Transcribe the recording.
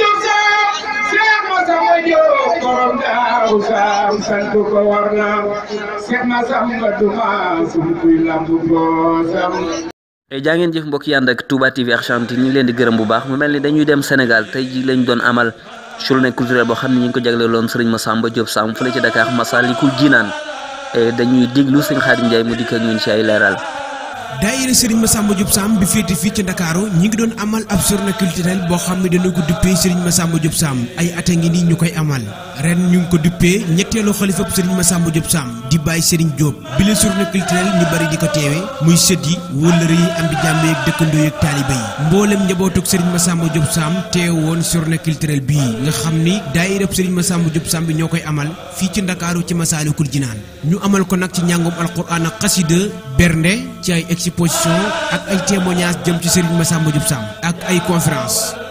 Jóob saam Seex Masamba Jóob borom daaru saam sant ko war jaa ngeen jëf mbokk yi ak Touba TV Argentine ñu leen di gërëm bu baax mu mel ni dañuy dem Sénégal te ji lañ doon amal journée culturelle boo xam ne ñu ngi ko jagleeloon sëriñ Masamba Diop Samb fële ci Dakar Massalikul Jinaan eh, dañuy diglu sëñ Xaadim Njaay mu dikk ak ñun ci ay leeral daayira Serigne Massamba Diop Samb bi féete fii ci Ndakaaru ñi ngi doon amal ab journée culturelle boo xam ne dana ko duppee Serigne Massamba Diop Samb ay at ngi ñu koy amal ren ñu ngi ko duppee ñetteelu xalifab Serigne Massamba Diop Samb di bàyyi Serigne Diop bi la journée culturelle ñu bari di ko teewee muy sët yi wëllëre yi am di jàmm yeeg dëkkandoo yeeg taaliba yi mboolem njabootug Serigne Massamba Diop Samb teew woon journée culturelle bii nga xam ni daayira Serigne Massamba Diop Samb bi ñoo koy amal fii ci Ndakaaru ci Masaalikul Jinaan ñu amal ko nag ci njàngum alquran ak xasida bernde ci ay exposition ak ay témoignages jëm ci Serigne Massamba Diop Samb ak ay conférences